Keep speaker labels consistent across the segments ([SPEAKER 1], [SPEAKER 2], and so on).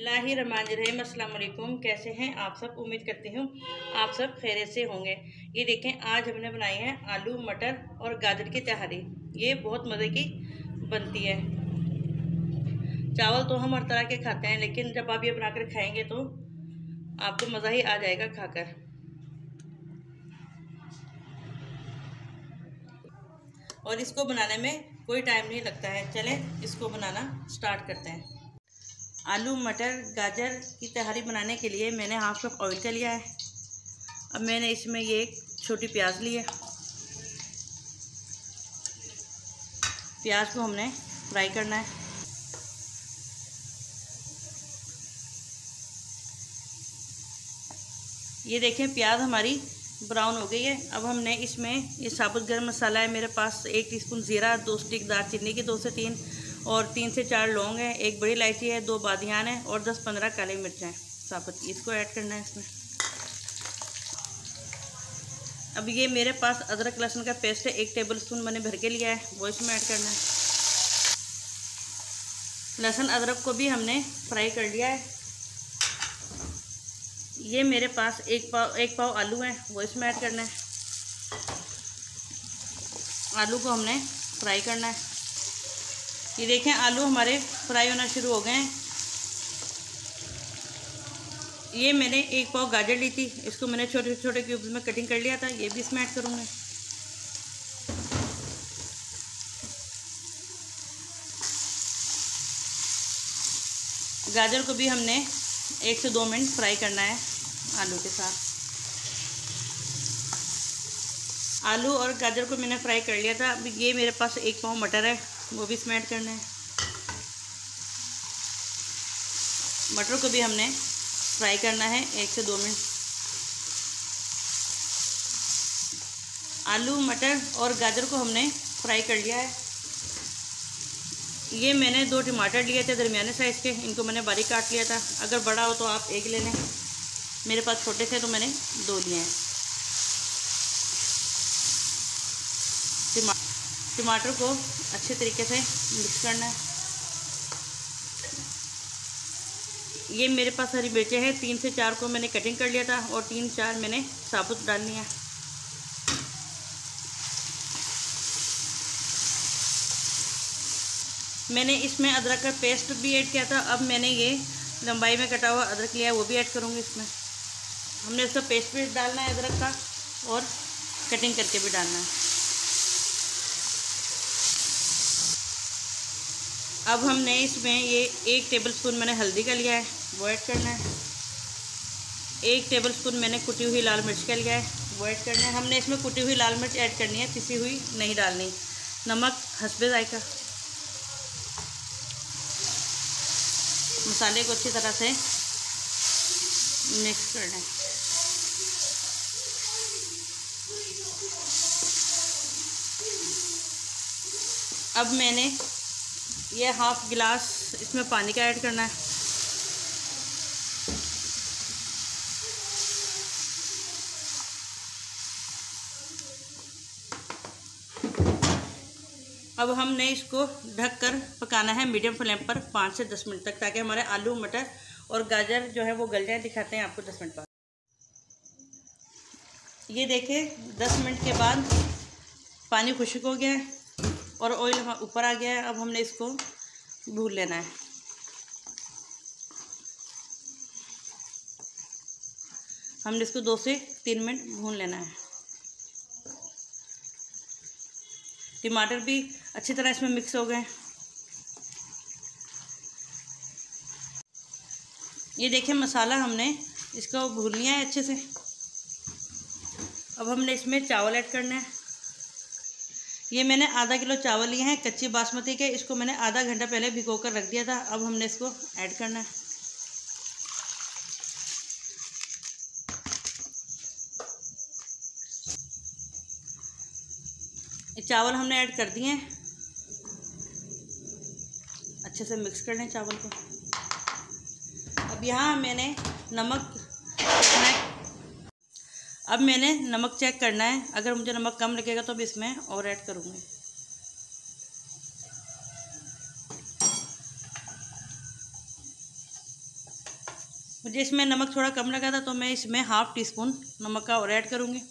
[SPEAKER 1] रहीम अस्सलाम वालेकुम कैसे हैं आप सब उम्मीद करती हूँ आप सब खैर से होंगे ये देखें आज हमने बनाई है आलू मटर और गाजर की तहारी ये बहुत मज़े की बनती है चावल तो हम हर तरह के खाते हैं लेकिन जब आप ये बनाकर खाएंगे तो आपको मज़ा ही आ जाएगा खाकर और इसको बनाने में कोई टाइम नहीं लगता है चलें इसको बनाना स्टार्ट करते हैं आलू मटर गाजर की तहरी बनाने के लिए मैंने हाफ कप ऑयल का लिया है अब मैंने इसमें ये एक छोटी प्याज ली है प्याज को हमने फ्राई करना है ये देखें प्याज हमारी ब्राउन हो गई है अब हमने इसमें ये साबुत गर्म मसाला है मेरे पास एक टीस्पून ज़ीरा दो स्टिक दार चीनी के दो से तीन और तीन से चार लौंग हैं एक बड़ी इलायची है दो बादियान हैं और दस पंद्रह काली मिर्च हैं साबुत इसको ऐड करना है इसमें अब ये मेरे पास अदरक लहसुन का पेस्ट है एक टेबल स्पून मैंने भर के लिया है वो इसमें ऐड करना है लहसुन अदरक को भी हमने फ्राई कर लिया है ये मेरे पास एक पाव एक पाव आलू है वो इसमें ऐड करना है आलू को हमने फ्राई करना है ये देखें आलू हमारे फ्राई होना शुरू हो गए हैं ये मैंने एक पाव गाजर ली थी इसको मैंने छोटे छोटे क्यूब्स में कटिंग कर लिया था ये भी इसमें ऐड करूँगा गाजर को भी हमने एक से दो मिनट फ्राई करना है आलू के साथ आलू और गाजर को मैंने फ्राई कर लिया था अब ये मेरे पास एक पाव मटर है वो भी इसमें ऐड करना है मटर को भी हमने फ्राई करना है एक से दो मिनट आलू मटर और गाजर को हमने फ्राई कर लिया है ये मैंने दो टमाटर लिए थे दरमियाने साइज़ के इनको मैंने बारीक काट लिया था अगर बड़ा हो तो आप एक ले लें मेरे पास छोटे थे तो मैंने दो लिए हैं टमाटर को अच्छे तरीके से मिक्स करना है ये मेरे पास हरी मिर्चें हैं तीन से चार को मैंने कटिंग कर लिया था और तीन चार मैंने साबुत डाल लिया मैंने इसमें अदरक का पेस्ट भी ऐड किया था अब मैंने ये लंबाई में कटा हुआ अदरक लिया है वो भी ऐड करूँगी इसमें हमने इसका पेस्ट भी डालना है अदरक का और कटिंग करके भी डालना है अब हमने इसमें ये एक टेबलस्पून मैंने हल्दी का लिया है वो ऐड करना है एक टेबलस्पून मैंने कुटी हुई लाल मिर्च का लिया है वो ऐड करना है हमने इसमें कुटी हुई लाल मिर्च ऐड करनी है पिसी हुई नहीं डालनी नमक हंसबे जायका मसाले को अच्छी तरह से मिक्स करना है अब मैंने ये हाफ़ गिलास इसमें पानी का ऐड करना है अब हमने इसको ढक कर पकाना है मीडियम फ्लेम पर पाँच से दस मिनट तक ताकि हमारे आलू मटर और गाजर जो है वो गल जाए दिखाते हैं आपको दस मिनट बाद ये देखें दस मिनट के बाद पानी खुशक हो गया है और ऑयल ऊपर आ गया है अब हमने इसको भून लेना है हमने इसको दो से तीन मिनट भून लेना है टमाटर भी अच्छी तरह इसमें मिक्स हो गए ये देखिए मसाला हमने इसको भून लिया है अच्छे से अब हमने इसमें चावल ऐड करना है ये मैंने आधा किलो चावल लिए हैं कच्ची बासमती के इसको मैंने आधा घंटा पहले भिगो कर रख दिया था अब हमने इसको ऐड करना है ये चावल हमने ऐड कर दिए हैं अच्छे से मिक्स कर लें चावल को अब यहाँ मैंने नमक अब मैंने नमक चेक करना है अगर मुझे नमक कम लगेगा तो अब इसमें और ऐड करूँगी मुझे इसमें नमक थोड़ा कम लगा था तो मैं इसमें हाफ़ टी स्पून नमक का और ऐड करूँगी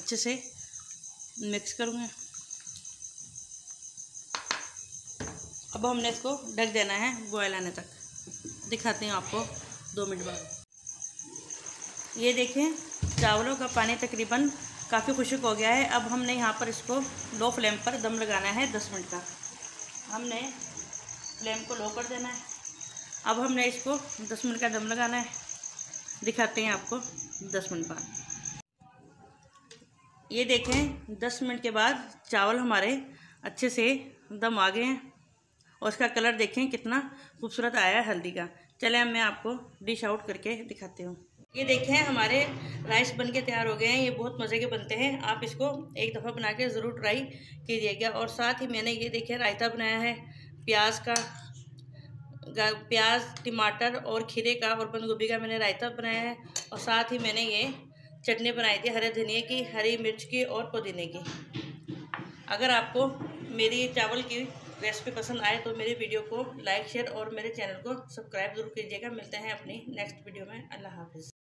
[SPEAKER 1] अच्छे से मिक्स करूँगी अब हमने इसको ढक देना है बॉयल आने तक दिखाती हूँ आपको दो मिनट बाद ये देखें चावलों का पानी तकरीबन काफ़ी खुशक हो गया है अब हमने यहाँ पर इसको लो फ्लेम पर दम लगाना है दस मिनट का हमने फ्लेम को लो कर देना है अब हमने इसको दस मिनट का दम लगाना है दिखाते हैं आपको दस मिनट बाद ये देखें दस मिनट के बाद चावल हमारे अच्छे से दम आ गए हैं और इसका कलर देखें कितना खूबसूरत आया है हल्दी का चले मैं आपको डिश आउट करके दिखाती हूँ ये देखें हमारे राइस बन के तैयार हो गए हैं ये बहुत मज़े के बनते हैं आप इसको एक दफ़ा बना के ज़रूर ट्राई कीजिएगा और साथ ही मैंने ये देखें रायता बनाया है प्याज का प्याज टमाटर और खीरे का और बंद गोभी का मैंने रायता बनाया है और साथ ही मैंने ये चटनी बनाई थी हरे धनिया की हरी मिर्च की और पुदीने की अगर आपको मेरी चावल की रेसिपी पसंद आए तो मेरी वीडियो को लाइक शेयर और मेरे चैनल को सब्सक्राइब जरूर कीजिएगा मिलते हैं अपनी नेक्स्ट वीडियो में अल्लाह हाफिज़